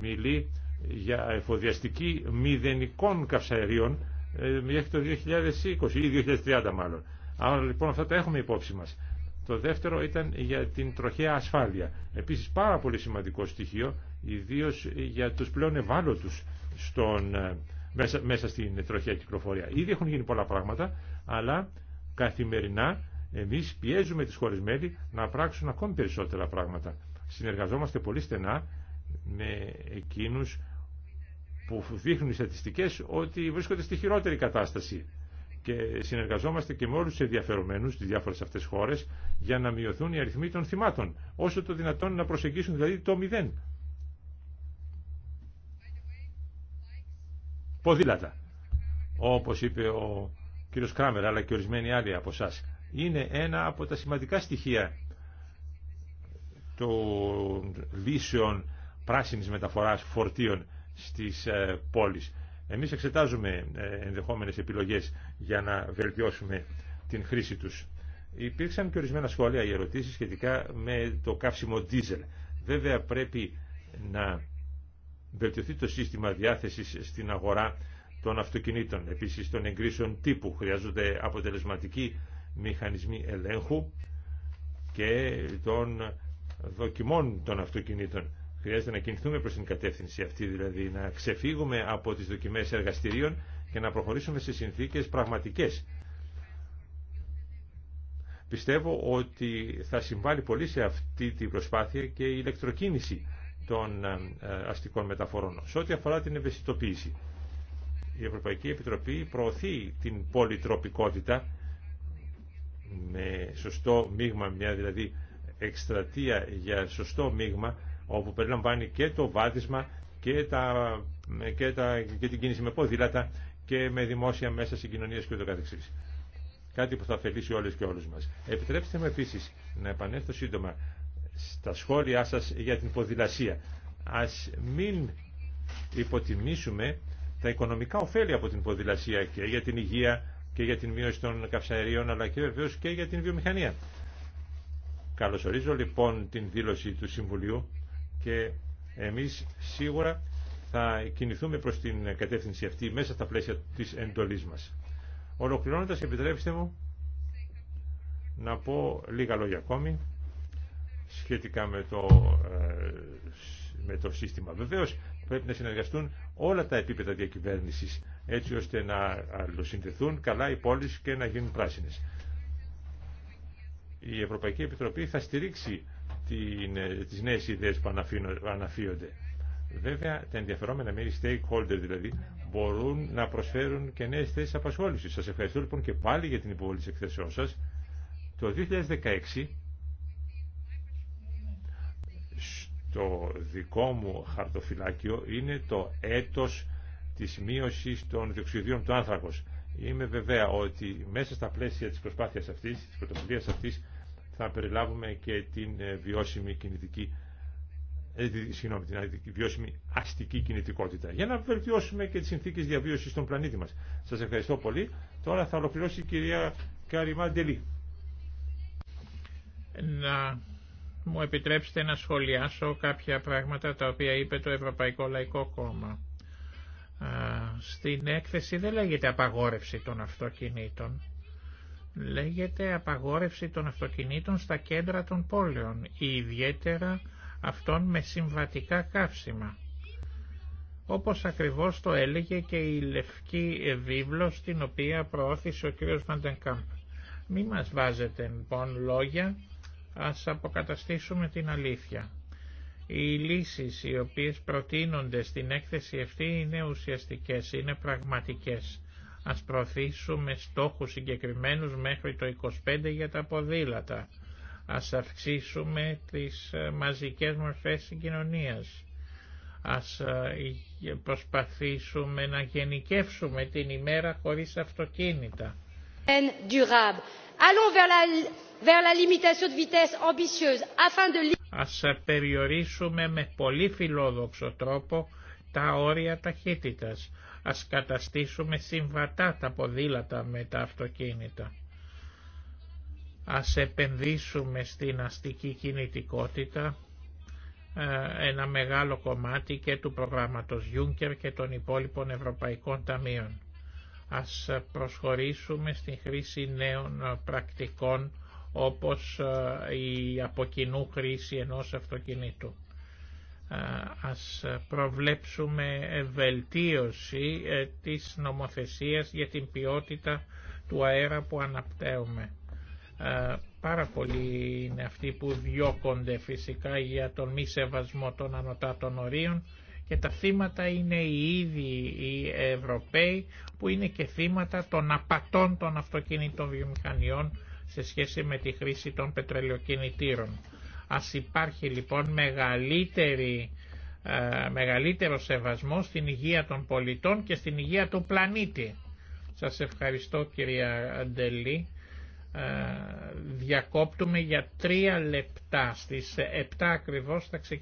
μιλεί για εφοδιαστική μηδενικών καυσαερίων ε, μέχρι το 2020 ή 2030 μάλλον. Άρα λοιπόν αυτά τα έχουμε υπόψη μας. Το δεύτερο ήταν για την τροχαία ασφάλεια. Επίσης πάρα πολύ σημαντικό στοιχείο ιδίως για τους πλέον ευάλωτους στον, ε, μέσα, μέσα στην τροχιά κυκλοφορία. Ήδη έχουν γίνει πολλά πράγματα, αλλά καθημερινά εμείς πιέζουμε τις χώρες μέλη να πράξουν ακόμη περισσότερα πράγματα. Συνεργαζόμαστε πολύ στενά με εκείνους που δείχνουν οι στατιστικές ότι βρίσκονται στη χειρότερη κατάσταση και συνεργαζόμαστε και με όλους τους ενδιαφερομένους στις διάφορες αυτές χώρες για να μειωθούν οι αριθμοί των θυμάτων όσο το δυνατόν να προσεγγίσουν δηλαδή το μηδέν. ποδήλατα. Όπως είπε ο κύριος Κράμερ αλλά και ορισμένοι άλλοι από εσά. Είναι ένα από τα σημαντικά στοιχεία των λύσεων πράσινη μεταφοράς φορτίων στις ε, πόλεις. Εμείς εξετάζουμε ε, ενδεχομένε επιλογές για να βελτιώσουμε την χρήση τους. Υπήρξαν και ορισμένα σχόλια ή ερωτήσει σχετικά με το καύσιμο δίζελ. Βέβαια πρέπει να βελτιωθεί το σύστημα διάθεσης στην αγορά των αυτοκινήτων, επίσης των εγκρίσεων τύπου. Χρειάζονται αποτελεσματικοί μηχανισμοί ελέγχου και των δοκιμών των αυτοκινήτων. Χρειάζεται να κινηθούμε προς την κατεύθυνση αυτή, δηλαδή να ξεφύγουμε από τις δοκιμές εργαστηρίων και να προχωρήσουμε σε συνθήκες πραγματικές. Πιστεύω ότι θα συμβάλλει πολύ σε αυτή την προσπάθεια και η ηλεκτροκίνηση των ε, ε, αστικών μεταφορών. Σε ό,τι αφορά την ευαισθητοποίηση, η Ευρωπαϊκή Επιτροπή προωθεί την πολυτροπικότητα με σωστό μείγμα, μια δηλαδή εκστρατεία για σωστό μείγμα, όπου περιλαμβάνει και το βάδισμα και, τα, και, την κίνηση με ποδήλατα και με δημόσια μέσα συγκοινωνίας και ούτω καθεξής. Κάτι που θα ωφελήσει όλες και όλους μας. Επιτρέψτε μου επίσης να επανέλθω σύντομα στα σχόλιά σας για την ποδηλασία. Ας μην υποτιμήσουμε τα οικονομικά ωφέλη από την ποδηλασία και για την υγεία και για την μείωση των καυσαερίων αλλά και βεβαίως και για την βιομηχανία. Καλωσορίζω λοιπόν την δήλωση του Συμβουλίου και εμείς σίγουρα θα κινηθούμε προς την κατεύθυνση αυτή μέσα στα πλαίσια της εντολής μας. Ολοκληρώνοντας επιτρέψτε μου να πω λίγα λόγια ακόμη σχετικά ε, με το, σύστημα. Βεβαίως πρέπει να συνεργαστούν όλα τα επίπεδα διακυβέρνησης έτσι ώστε να αλληλοσυνδεθούν καλά οι πόλεις και να γίνουν πράσινες. Η Ευρωπαϊκή Επιτροπή θα στηρίξει την, ε, τις νέες ιδέες που αναφύονται. Βέβαια, τα ενδιαφερόμενα μέρη, stakeholder δηλαδή, μπορούν να προσφέρουν και νέες θέσει απασχόληση. Σα ευχαριστώ λοιπόν και πάλι για την υποβολή τη εκθέσεώ σα. Το 2016 Το δικό μου χαρτοφυλάκιο είναι το έτος της μείωσης των διοξιδίων του άνθρακος. Είμαι βεβαία ότι μέσα στα πλαίσια της προσπάθειας αυτής, της πρωτοβουλίας αυτής, θα περιλάβουμε και την ε, βιώσιμη κινητική ε, συγγνώμη, την βιώσιμη αστική κινητικότητα, για να βελτιώσουμε και τι συνθήκε διαβίωση στον πλανήτη μα. Σα ευχαριστώ πολύ. Τώρα θα ολοκληρώσει η κυρία Καριμά Να μου επιτρέψετε να σχολιάσω κάποια πράγματα τα οποία είπε το Ευρωπαϊκό Λαϊκό Κόμμα. Στην έκθεση δεν λέγεται απαγόρευση των αυτοκινήτων. Λέγεται απαγόρευση των αυτοκινήτων στα κέντρα των πόλεων, ιδιαίτερα αυτών με συμβατικά καύσιμα. Όπως ακριβώς το έλεγε και η λευκή Βίβλο στην οποία προώθησε ο κ. Βαντενκάμπ. Μη μας βάζετε λοιπόν λόγια ας αποκαταστήσουμε την αλήθεια. Οι λύσεις οι οποίες προτείνονται στην έκθεση αυτή είναι ουσιαστικές, είναι πραγματικές. Ας προωθήσουμε στόχους συγκεκριμένους μέχρι το 25 για τα ποδήλατα. Ας αυξήσουμε τις ε, μαζικές μορφές συγκοινωνίας. Ας ε, προσπαθήσουμε να γενικεύσουμε την ημέρα χωρίς αυτοκίνητα Ας περιορίσουμε με πολύ φιλόδοξο τρόπο τα όρια ταχύτητας. Ας καταστήσουμε συμβατά τα ποδήλατα με τα αυτοκίνητα. Ας επενδύσουμε στην αστική κινητικότητα ε, ένα μεγάλο κομμάτι και του προγράμματος Juncker και των υπόλοιπων ευρωπαϊκών ταμείων ας προσχωρήσουμε στη χρήση νέων ε, πρακτικών όπως ε, η αποκοινού χρήση ενός αυτοκινήτου. Ε, ας προβλέψουμε βελτίωση της νομοθεσίας για την ποιότητα του αέρα που αναπτέουμε. Πάρα πολλοί είναι αυτοί που διώκονται φυσικά για τον μη σεβασμό των ανωτάτων ορίων και τα θύματα είναι οι ίδιοι οι Ευρωπαίοι που είναι και θύματα των απατών των αυτοκινήτων βιομηχανιών σε σχέση με τη χρήση των πετρελαιοκινητήρων. Ας υπάρχει λοιπόν μεγαλύτερη, ε, μεγαλύτερο σεβασμό στην υγεία των πολιτών και στην υγεία του πλανήτη. Σας ευχαριστώ κυρία Αντελή. Ε, διακόπτουμε για τρία λεπτά. Στις 7 ακριβώς θα ξεκινήσουμε.